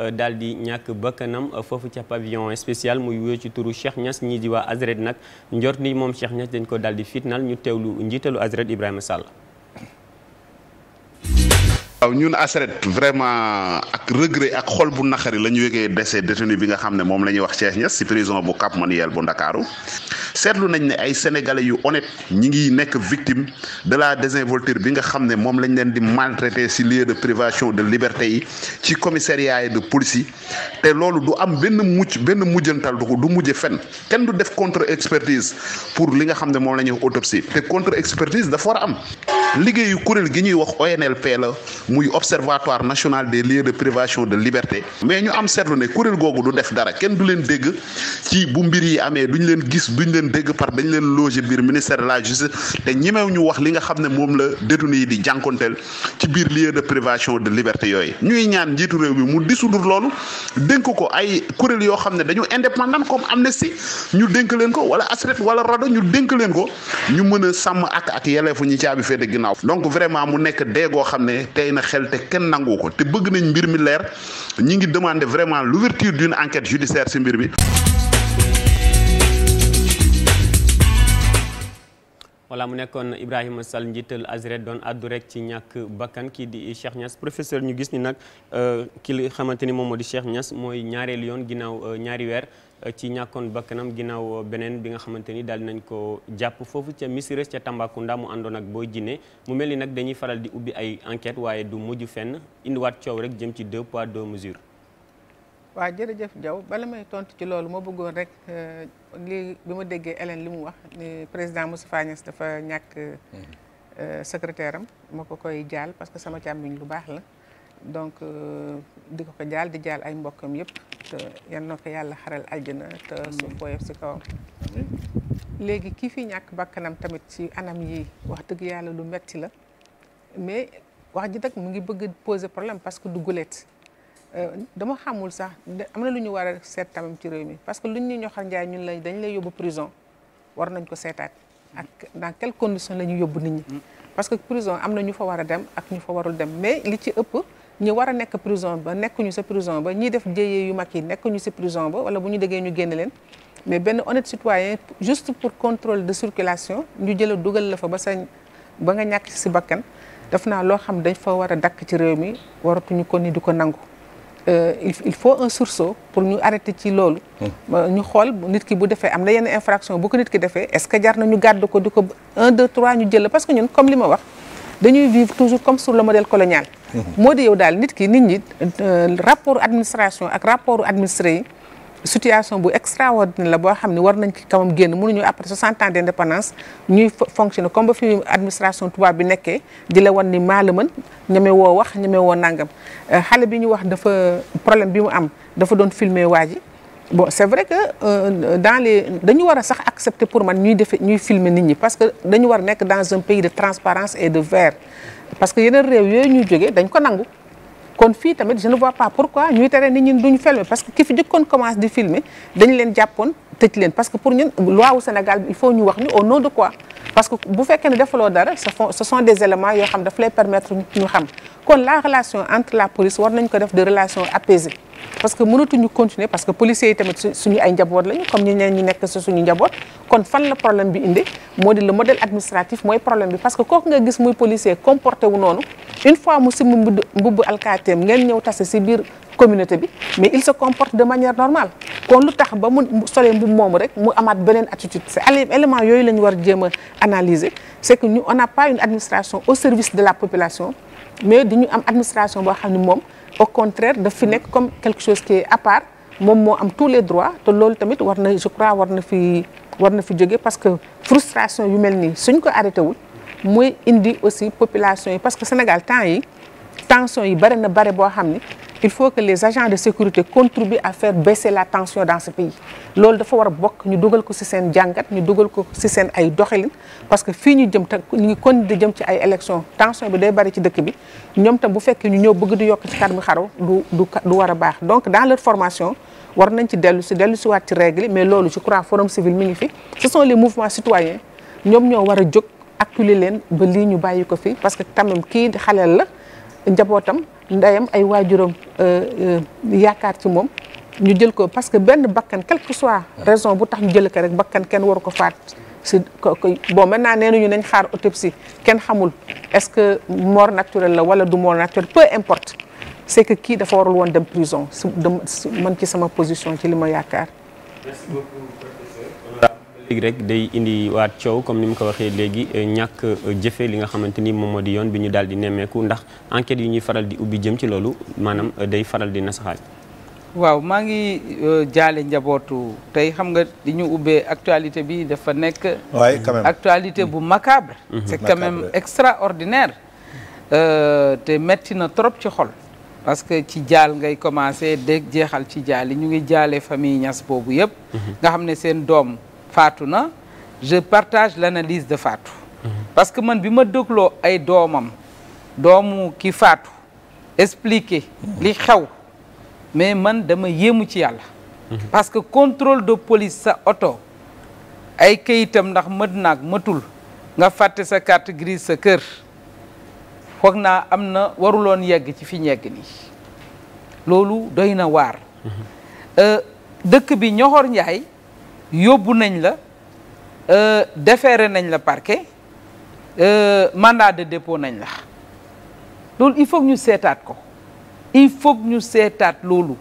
Euh, daal di ñàkk bakkanam euh, foofu ca pavillon spécial muy wuyoo ci turu Cheikh ñas ñii di waa Azret nag njor ni moom Cheikh Niass dañ ko daal di fitnaal ñu teew teewlu njiitalu Azret Ibrahima Sall waaw ñun ASRED vraiment ak regret ak xol bu naqari la ñu yëgee décès détenu bi nga xam ne moom la ñuy wax Cheikh Niass ci prison bu Cap Manuel bu Ndakaaru seetlu nañ ne ay sénégalais yu honnête ñi ngi nekk victime de la désinvolture bi nga xam ne moom lañ leen di maltraité ci lieu de privation de liberté yi ci commissaria yi de police te loolu du am benn mucc benn mujjantal du ko du mujje fen kenn du def contre expertise pour li nga xam ne moom la ñuy wax autopsie te contre expertise dafa a am. liggéeyu kuréel gi ñuy wax ONLP la muy observatoire national des lieux de privation de liberté mais ñu am seetlu ne kuréel googu du def dara kenn du leen dégg ci bu mbir yi amee duñ leen gis duñ leen dégg par dañ leen loger biir ministère de la justice te ñemew ñu wax li nga xam ne moom la détenu yi di jànkonteel ci biir lieu de privation de liberté yooyu ñuy ñaan njiitu réew bi mu dissoudre loolu dénk ko ay kuréel yoo xam ne dañu indépendant comme Amnesty ñu dénk leen ko wala ASRED wala RADDHO ñu dénk leen ko ñu mën a sàmm ak ak yelleefu ñi caabi féete ginnaaw ginnaaw donc vraiment mu nekk dee goo xam ne tey na xel te kenn nangu ko te bëgg nañ mbir mi leer ñi ngi demander vraiment l'ouverture d'une enquête judiciaire ci mbir bi voilà mu nekkoon Ibrahima Sall njiital Azret doon addu rek ci ñàkk bakkan kii di Cheikh Niass professeur ñu gis ni nag euh, ki li xamante ni moom moo di Cheikh ñas mooy ñaareelu yoon ginnaaw euh, ñaari weer euh, ci ñàkkoon bakkanam ginnaaw beneen bi nga xamante ni daal nañ ko jàpp foofu ca Missirah ca Tambacounda mu àndoon ak Boy Djiné mu mel ni nag dañuy faral di ubbi ay enquête waaye du mujj fenn indiwaat coow rek jëm ci deux poids deux mesures waaw jërëjëf Diaw bala may tontu ci loolu ma bëggoon rek euh, lii bi ma déggee Hélène li mu wax ni président Moustapha Niasse dafa ñàkk hmm. euh, secrétaire am ma ko koy jaal parce que sama càmmiñ lu baax la donc euh, di ko ko jaal di jaal ay mbokkam yëpp te yan na ko yàlla xaral aljana te hmm. suuf woyof si kawam léegi kii fi ñàkk bakkanam tamit ci anam yi wax dëgg yàlla lu metti la mais wax ji nag mu ngi bëgg poser problème parce que du guleet dama xamul sax am na lu ñu war a seet tamam ci réew mi parce que luñ ñu ñoxar njaay ñun lañ dañ lay yóbbu prison war nañ ko seetaat ak dans quelles conditions la ñu yóbbu nit ñi mm. parce que prison am na ñu fa war a dem ak ñu fa warul dem mais li ci ëpp ñi war a nekk prison ba nekkuñu sa prison ba ñiy def jéyee yu mag yi nekkuñu si prison ba wala bu ñu déggee ñu génn leen mais benn honnête citoyen juste pour contrôle de circulation ñu jëla dugal la fa ba sa ba nga ñàkk si bakkan def naa loo xam dañ fa war a dakk ci réew mi waratuñu ko ni di ko nangu Euh, il faut un sursaut pour ñu arrêter ci loolu. Hmm. ñu xool nit ki bu defee am na yenn infraction bu ko nit ki defee est-ce que jar na ñu gàdd ko di ko un deux trois ñu jël parce que ñun comme li ma wax dañuy vivre toujours comme sur le modèle colonial. Hmm. moo di yow daal nit ki nit ñi euh, rapport administration ak rapport administré yi. situation bu extraordinaire la boo xam ne war nañ ci kawam génn mënuñu après 60 ans d' indépendance ñuy fonctionner comme ba fi administration tubaab bi nekkee di la ni maa la mën ñeme woo wax ñeme woo nangam euh, xale bi ñu wax dafa problème bi mu am dafa doon filmer waa ji bon c' est vrai que euh, dans les dañu war a sax accepter pour man ñuy defe ñuy filmer nit ñi parce que dañu war nekk dans un pays de transparence et de ver parce que yeneen réew yooyu ñuy jógee dañ ko nangu kon fii tamit je ne vois pas pourquoi ñuy tere nit ñi duñu filmer parce que ki fi jëkkoon commence di filmer dañ leen jàppoon tëj leen parce que pour ñun loi wu Sénégal il faut ñu wax ni au nom de quoi parce que bu fekkee ne defaloo dara ce sont des éléments yoo xam daf lay permettre ñu xam kon la relation entre la police war nañ ko def de relation apaisée parce que mënatuñu continuer parce que policiers yi tamit suñu ay njaboot lañu comme ñu nekk si suñu njaboot kon fan la problème bi indi moo di le administratif mooy problème bi parce que kooku nga gis muy policier comporté wu noonu une fois mu simb mbubb mbubb alkaateem ngeen ñëw tase si biir communauté bi mais il se comporte de manière normale kon lu tax ba mu solee mbubb moomu rek mu amaat beneen attitude c'est élément yooyu la war jéem a analyser c'est que ñu on n'a pas une au service de la population mais dañu am administration boo xam ne moom au contraire daf fi nekk comme quelque chose qui est à part moom moo am tous les droits te loolu tamit war na je crois war na fi war na fi jóge parce que frustration yu mel nii suñ ko arrêté wul mooy indi aussi population yi parce que Sénégal temps yi tension yi bari na bari boo xam ni il faut que les agents de sécurité contribuent à faire baisser la tension dans ce pays loolu dafa war a bokk ñu dugal ko si seen jàngat ñu dugal ko si seen ay doxalin parce que fii ñu jëm te ñu ngi kon di jëm ci ay élection tension bi day bari ci dëkk bi ñoom tam bu fekkee ñu ñëw bëgg di yokk ci kar mi xaraw du du war a baax donc daal leur formation war nañ ci dellu si dellu si waat ci règle mais loolu je crois forum civil mi ngi fi ce sont les mouvements ñoom ñoo war a jóg acculer leen ba ñu bàyyi ko fi parce que tamit kii xaleel la njabootam ndeyam ay waajuram euh, euh, yaakaar ci moom ñu jël ko parce que benn bakkan quelle que soit raison bu tax ñu jël ko rek bakkan kenn waru ko faat si bon naa nee nañu nañ xaar autopsie kenn xamul est-ce que mort naturelle la wala du mort naturelle peu importe c'est que kii dafa warul woon dem prison si man ci sama position ci li ma yaakaar. léegi rek day indi waat coow comme ni mu ko waxee léegi euh, ñàkk euh, jëfe li nga xamante ni moom moo di yoon bi ñu daal di ndax enquête yi ñuy faral di ubbi jëm ci loolu maanaam euh, day faral di nasaxaat waaw maa ngi jaale njabootu tey xam nga di ñu ubbee actualité bi dafa nekk actualité bu macabre mm-hmm. Mm-hmm. c'est quand même extraordinaire te metti na trop ci xol parce que ci jaal ngay commencé dégg jeexal ci jaal yi ñu ngi jaale famille ñas boobu yëpp mm-hmm. nga xam ne seen doom faatu na je partage l'analyse de Fatou mhm. parce que man bi ma dégloo ay doomam doomu ki faatu expliquer li xew mais man dama yéemu ci yàlla mhm. parce que contrôle de police sa oto ay kayitam ndax mët naag matul nga fàtte sa carte grise sa kër foog naa am na waruloon yegg ci fi ñegg nii loolu doy na waar mhm. euh, dëkk bi Ñoxor Njaay yóbbu nañ la euh, defeere nañ la parquet euh, mandat de dépôt nañ la loolu il faut ñu seetaat ko il faut ñu seetaat loolu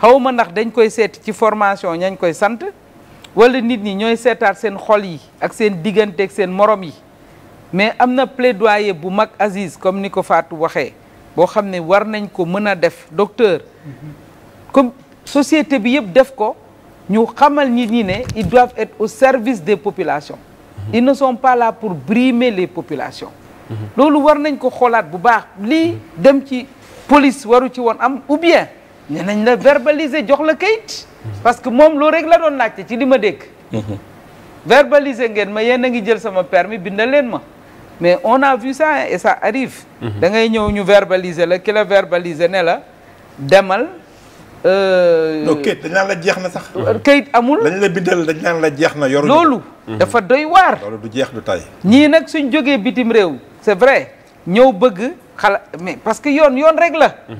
xawma ndax dañ koy seet ci formation ñañ koy sant wala nit ñi ñooy seetaat seen xol yi ak seen diggante ak seen morom yi mais am na plaidoyer bu mag Aziz comme ni ko Fatou waxee boo xam ne war nañ ko mën a def docteur mhm. comme société bi yëpp def ko ñu xamal nit ñi ne ils doivent être au service des populations mhm. ils ne sont pas là pour brimer les populations mhm. loolu war nañ ko xoolaat bu baax lii mhm. dem ci police waru ci woon am ou bien ne nañ la verbaliser jox la kayit parce que moom loolu rek la doon laajte ci li ma dégg verbaliser ngeen ma yéen a ngi jël sama permis bindal leen ma mais on a vu ça et ça arrive da ngay ñëw ñu verbaliser la ki la verbaliser ne la demal Euh, non këyit dañ la jeex na sax. Euh, kayit amul lañ la bindal dañ naan la jeex na yoruñu. loolu hmm. dafa doy waar. loolu du jeex du tay ñii nag suñ jógee bitim réew. c'est vrai ñëw bëgg xala parce que yoon yoon rek la. Hmm.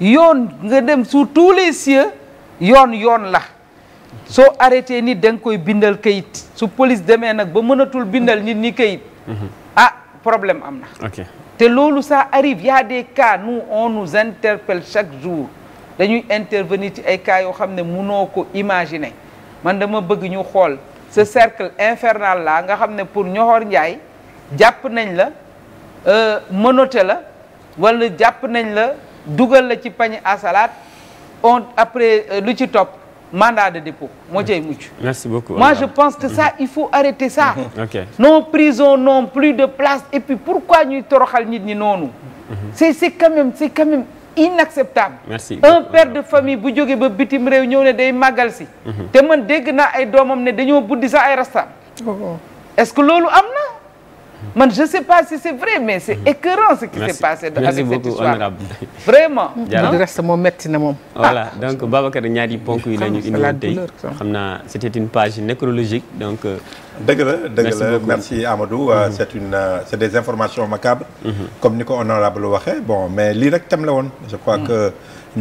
yoon nga dem su tous les cieux yoon yoon la. soo arrêté nit danga koy bindal kayit su police demee nag ba mënatul bindal nit ni kayit. Hmm. ah problème am na. te loolu ça arrive y a des cas nous on nous chaque jour. dañuy intervenir ci ay cas yoo xam ne noo ko imaginer man dama bëgg ñu xool ce cercle infernal la nga xam ne pour Ñoxor Njaay jàpp nañ la euh, menotté la wala jàpp nañ la dugal la ci pañ à salade on après euh, lu ci topp mandat de dépôt moo cay mucc. merci beaucoup moi je pense que ça il faut arrêter ça. ok non prison non plus de place et puis pourquoi ñuy toroxal nit ñi noonu. Mm-hmm. c'est c'est quand même c'est quand même. inacceptable. merci un père de famille bu jogee ba bitim réew ñëw ne day màggal si. Mhm. te man dégg naa ay doomam ne dañoo buddi sax ay rastaam. Oh, oh. est-ce que loolu am na. man je sais pas si c'est vrai mais c'est mm. écœurant ce qui s'est passé avec cette histoire vraiment di reste moom metti na moom voilà ah. donc Babacar ñaari ponk yi la ñu ah, indiwoon tey xam naa c'était une page nécrologique donc euh, dëgg la dëgg la merci Amadou euh, mm-hmm. c'est une euh, c'est des informations macabres mm-hmm. comme ni ko honorable waxee bon mais lii rek thème la woon je crois mm. que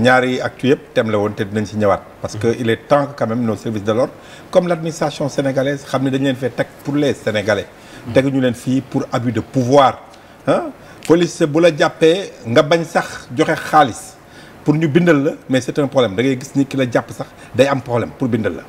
ñaari actu yëpp thème la woon te dinañ ci ñëwaat parce que mm-hmm. il est temps que quand même nos services de l'ordre comme l'administration sénégalaise xam ne dañ leen fee teg pour les sénégalais teguñu leen fii pour abus de pouvoir ah police bu la jàppee nga bañ sax joxe xaalis pour ñu bindal la mais c'est un problème da ngay gis ni ki la jàpp sax day am problème pour bindal la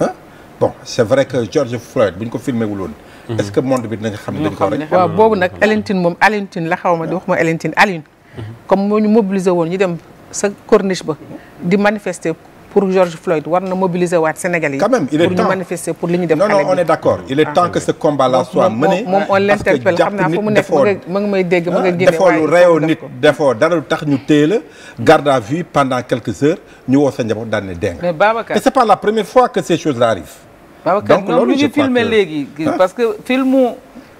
ah bon c'est vrai que George Floyd bu ñu ko filmé wul woon mhm. est-ce que monde bi dinañ xam ne dañ ko rek waaw boobu nag Alentine moom Alentine la xaw ma di wax ma Alentine Aline mhm. comme moo ñu mobilisé woon ñu dem sa corniche ba di manifester pour George Floyd war na mobiliser waat Sénégal yi. quand même il est temps pour ñu manifester pour li ñu dem. non non on est d' accord il est ah. temps que ce combat là soit mené. moom on l' interpelle dégg ah, mu ngi génne waaye defoo lu reyoo ñu la garde pendant quelques heures ñu woo sa njaboot daan ne dégg nga. mais Babacar te c' est pas la première que ces choses là arrivent. Babacar le lu ñu filmé léegi parce que filmu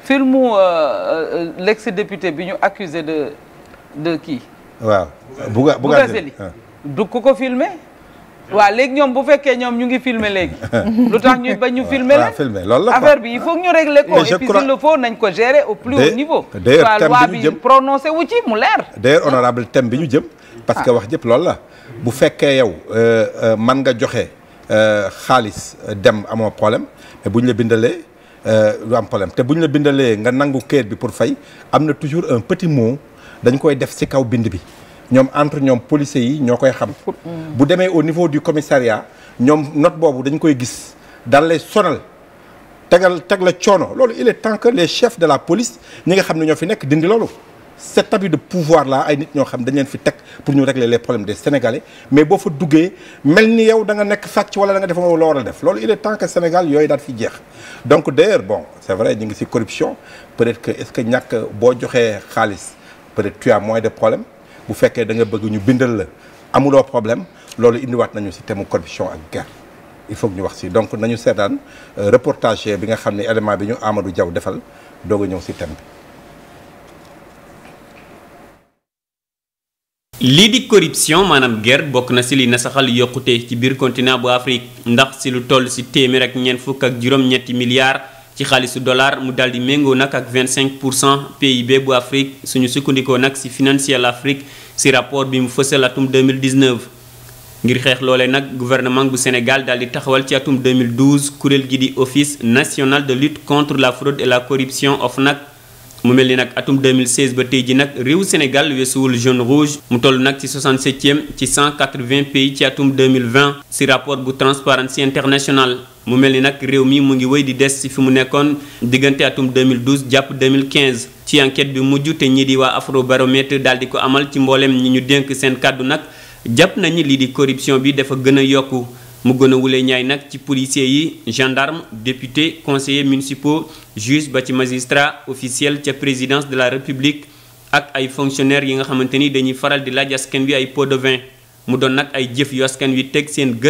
filmu euh, euh, l'ex député bi ñu accusé de de kii. waaw Bouga Bougazeli ah. du ko ko waaw léegi ñoom bu fekkee ñoom ñu ngi filmer léegi lu tax ñu ba ñu filmer leen loolu la affaire bi il faut ñu régler ko et puis il nañ ko gérer au plus haut niveau d'ailleurs loi bi wu ci mu leer d'ailleurs honorable thème bi ñu jëm parce que ah. wax jëpp loolu la bu fekkee yow euh, euh, man nga joxe euh, xaalis dem amoo problème mais la bindalee lu am te bu ñu la bindalee nga nangu kayit bi pour fay am na toujours un petit mot dañ koy def ci kaw bind bi ñoom entre ñoom policiers yi ñoo koy xam. Mm. bu demee au niveau du commissariat ñoom not boobu dañ koy gis daal lay sonal tegal teg la coono loolu il est temps que les chefs de la police ñi nga xam ne ñoo fi nekk dindi loolu. cet abus de pouvoir là ay nit ñoo xam dañ leen fi teg pour ñu régler le problèmes des sénégalais mais boo fa duggee mel ni yow da nga nekk sàcc wala da nga def loo war a def loolu il est temps que Sénégal yooyu daal fi jeex. donc d'ailleurs bon c'est vrai ñu ngi ci corruption peut-être que est-ce que boo joxee xaalis peut-être tu as de problèmes. bu fekkee da nga bëgg ñu bindal la amuloo problème loolu indiwaat nañu si thème corruption ak guerre il faut ñu wax si donc nañu seetaan euh, reportage bi nga xam ne élément bi ñu Amadou Diaw defal doog a ñëw si thème bi. lii di corruption maanaam guerre bokk na si li nasaxal yokkute ci biir continent bu Afrique ndax si lu toll si téeméer ak ñeent fukk ak juróom-ñetti milliards. ci xaalisu dollar mu daal di méngoo nag ak 25 pour cent PIB bu Afrique suñu sukkandikoo nag si Financial Afrique si rapport bi mu fësal atum 2019. ngir xeex loole nag gouvernement bu Sénégal daal di taxawal ci atum 2012 kuréel gi di office national de lutte contre la fraude et la corruption OFNAC mu mel ni nag atum 2016 ba tey ji nag réewu Sénégal weesuwul jaune rouge mu toll nag ci 67e ci pays ci atum 2020 si rapport bu Transparency International mu mel ni nag réew mi mu ngi wéy di des ci fi mu nekkoon diggante atum 2012 jàpp 2015 ci enquête bi mujj te ñii di waa Afrobaromètre daal di ko amal ci mbooleem ñi ñu dénk seen kàddu nag jàpp nañu lii di corruption bi dafa gën a mu gën wule ñaay nag ci policiers yi gendarme député conseillers municipaux juge ba ci magistrat officiel ca présidence de la république ak ay fonctionnaires yi nga xamante ni dañuy faral di laaj askan wi ay pot de vin mu doon nag seen